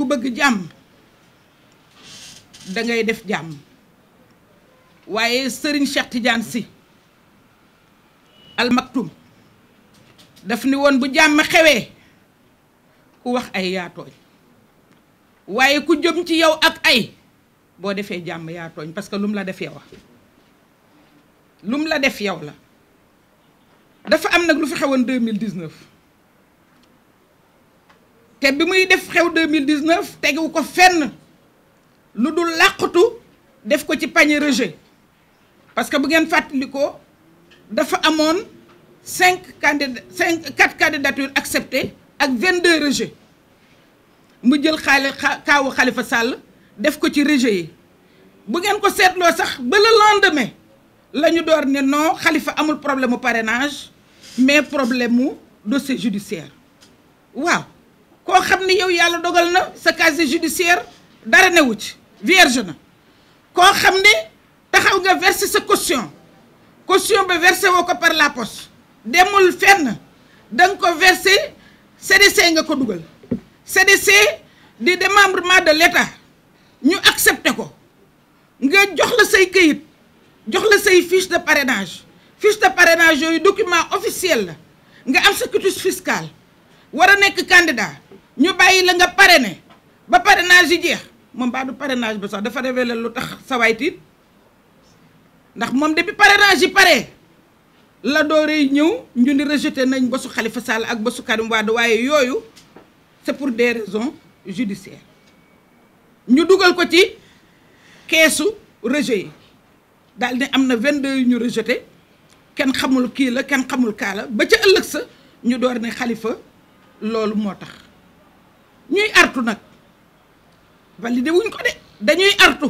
ku bëgg jàmm da ngay def jàmm waaye sëriñ Cheikh Tidiane Sy Al daf ni woon bu jàmm xewee ku wax ay yaa waaye ku jëm ci yow ak ay boo defee jàmm yaatooñ tooñ que lu mu la def yow lu mu la def yow la dafa am nag lu fi xewoon 2019 te bi muy def xew 2019 tegewu ko fenn lu dul làqatu def ko ci panier rejet parce que bu ngeen fàttalikoo dafa amoon cinq candidat cinq quatre candidatures acceptées ak vingt deux rejets mu jël xaali kaawu Khalifa Sall def ko ci rejet yi bu ngeen ko seetloo sax ba le lendemain la ñu door ne noo xalifa amul problème mu parrainage mais problème mu dossier judiciaire waaw koo xam ni yow yàlla dogal na sa casier judiciaire dara newu ci vierge na koo xam ne taxaw nga verser sa costion costion ba versé woo ko par la poste demul fenn da nga ko versé CDC nga ko dugal CDC di démembrement de l'État ñu accepté ko nga jox la say këyit jox la say fiche de parrainage fiche de parrainage yooyu document officiel la nga am sa quitus fiscal war a nekk candidat ñu bàyyi la nga pare ne ba pare parrainage yi jeex moom baa du parrainage ba sax dafa révélé lu tax sa waay tiit ndax moom depuis parrainage yi pare la dooree ñëw ñu ni rejeté nañ bosu xalifa Sall ak bosu Karim Wade waaye yooyu c'est pour des raisons judiciaires ñu dugal ko ci keesu rejet yi daal ne am na 22 yu ñu rejeté kenn xamul kii la kenn xamul kaala ba ca ëllëg sa ñu door ne xalifa loolu moo tax ñuy artu nag validé wuñ ko de dañuy artu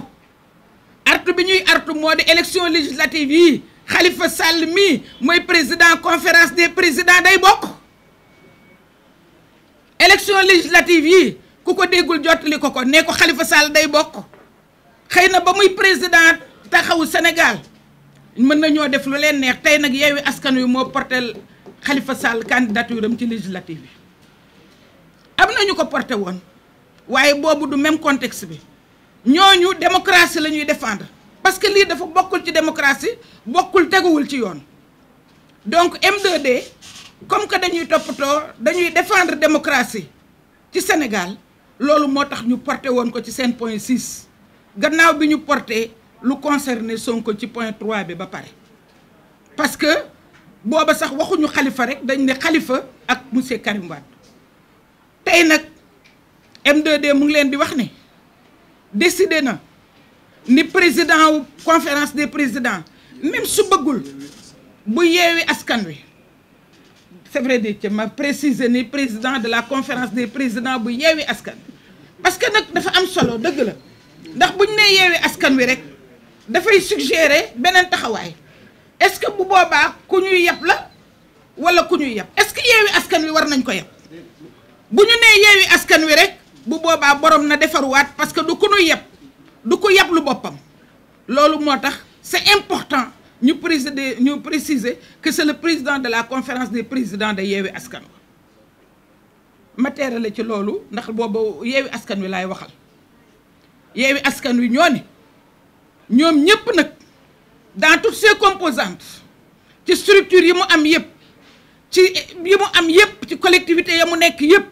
artu bi ñuy artu moo di élection législative yi Khalifa Sall mii mooy président conférence des président day bokk élection législative yi ku ko déggul jottali ko ko nee ko Khalifa Sall day bokk xëy na ba muy président taxawu Sénégal mën nañoo def lu leen neex tey nag Yewwi Askan Wi moo portel Khalifa Sall candidature am ci législative yi ñooñu ko porté woon waaye boobu du même contexte bi ñooñu démocratie la ñuy defendre parce que lii dafa bokkul ci démocratie bokkul teguwul ci yoon donc m 2 comme que dañuy toppatoo dañuy defendre démocratie ci Sénégal loolu moo tax ñu porté woon ko ci seen point 6 gannaaw bi ñu porté lu concerné Sonko ci point 3 bi ba pare parce que booba sax waxuñu xalifa rek dañ ne xalifa ak monsieur Karim tey nag m 2 mu ngi leen di wax ni décidé na ni président wu conférence des président même su bëggul bu yeewi askan wi c'est vrai de ma préciser ni président de la conférence des président bu yeewi askan parce que nag dafa am solo dëgg la ndax buñ ne yeewi askan wi rek dafay suggérer beneen taxawaay est-ce que bu boobaa ku ñuy yab la wala ku ñuy yab est-ce que yeewi askan wi war nañ ko yab bu ñu nee yeewi askan wi rek bu boobaa borom na defaruwaat parce que du ku nu yeb du ko yeb lu boppam loolu moo tax c'est important ñu présider ñu préciser que c'est le président de la conférence des président de yeewi askan wi ma teerale ci loolu ndax boobu yeewi askan wi laay waxal yeewi askan wi ñoo ne ñoom ñëpp nag dans toutes ses composantes ci structure yi mu am yëpp ci yi mu am yëpp ci collectivité ya mu nekk yëpp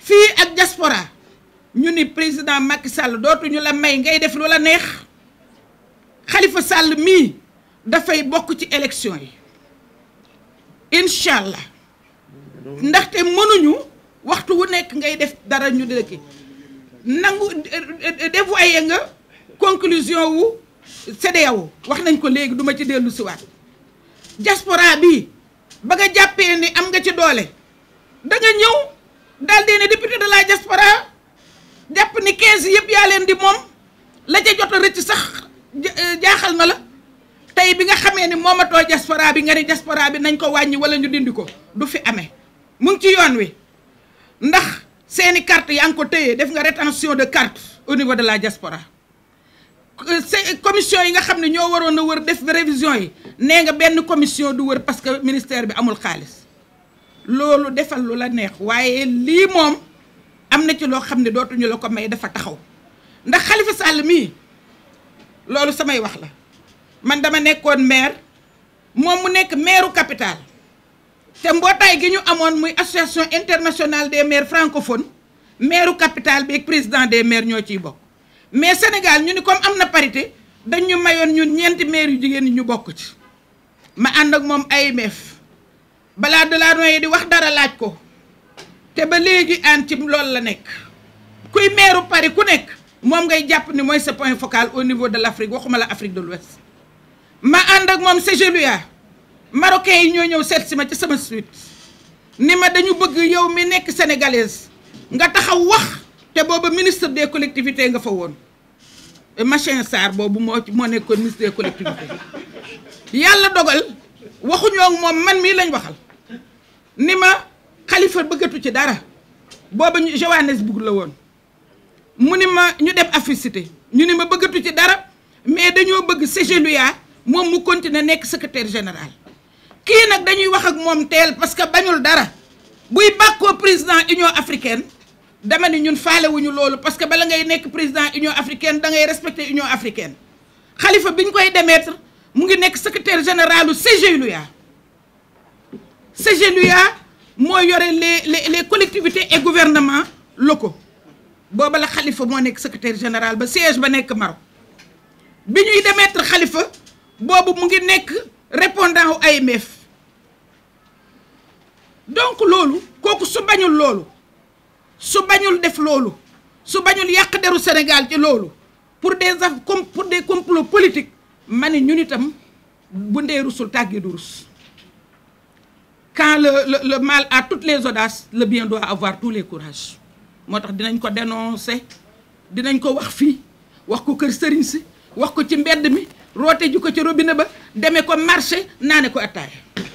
fii ak diaspora ñu ni président mack Sall dootuñu la may ngay def lu la neex Khalifa sàll mii dafay bokk ci élection yi incha allah ndaxte mënuñu waxtu wu nekk ngay def dara ñu dëkki nangu dévoyé nga conclusion wu CEDEAO wax nañ ko léegi duma ci dellu siwaat diaspora bi ba nga jàppee ni am nga ci doole da nga ñëw yaa leen moom la ca jot a rëcc sax euh, jaaxal na la tey bi nga xamee ni moomatoo diaspora bi nga ni diaspora bi nañ ko wàññi wala ñu dindi ko du fi amee mu ngi ci yoon wi ndax seeni carte yaa ngi ko téye def nga rétention de carte au niveau de la diaspora euh, euh, commission yi nga xam ne ñoo waroon a wër def révision yi nee nga benn commission du wër parce que ministère bi amul xaalis loolu defal lu la neex waaye lii moom am na ci loo xam ne dootuñu la ko may dafa taxaw ndax xalifa Sall mii loolu samay wax la man dama nekkoon maire moom mu nekk maireu capital te mbootaay gi ñu amoon muy association internationale des maires francophones maireu capital bi ak président des maires ñoo ciy bokk mais Sénégal ñu ni comme am na parité dañ ñu mayoon ñun ñeenti maire yu jigéen ñu bokk ci ma ànd ak moom AMF balaa Delannoye di wax dara laaj ko te ba léegi aan ci loolu la nekk kuy meeru pari ku nekk moom ngay jàpp ni mooy sa point focal au niveau de l' Afrique waxuma la Afrique de l'Ouest ma ànd ak moom CGLUA marocain yi ñoo ñëw seet si ma ci sama suite ni ma dañu bëgg yow mi nekk sénégalaise nga taxaw wax te booba ministre des collectivité nga fa woon machine Sarr boobu moo moo nekkoon ministre des collectivités yàlla dogal waxuñoo ak moom man mii lañ waxal ni ma xalifa bëggatu ci dara booba Johannesburg la woon mu ni ma ñu dem africité ñu ni ma bëggatu ci dara mais dañoo bëgg CGLUA moom mu continuer nekk secretaire général kii nag dañuy wax ak moom teel parce que bañul dara buy bàkkoo président union africaine dama ni ñun faalewuñu loolu parce que bala ngay nekk président union africaine dangay ngay respecter union africaine xalifa bi ñu koy démettre mu ngi nekk secrétaire généralu CGLUA CGLUA moo yore les les les collectivités et gouvernements locaux booba la xalifa moo nekk secretaire général ba siège ba nekk Maroc bi ñuy demetre xalifa boobu mu ngi nekk répondant ay AMF donc loolu kooku su bañul loolu su bañul def loolu su bañul yàq deru Sénégal ci loolu pour des af comme pour des complots politique ma ñun itam bu ndee rusul tàggi du rus quand le le le mal a toutes les audaces le bien doit avoir tous les courages moo tax dinañ ko dénoncer dinañ ko wax fii wax ko kër sëriñ si wax ko ci mbedd mi roote ji ko ci robine ba demee ko marché naane ko attaaya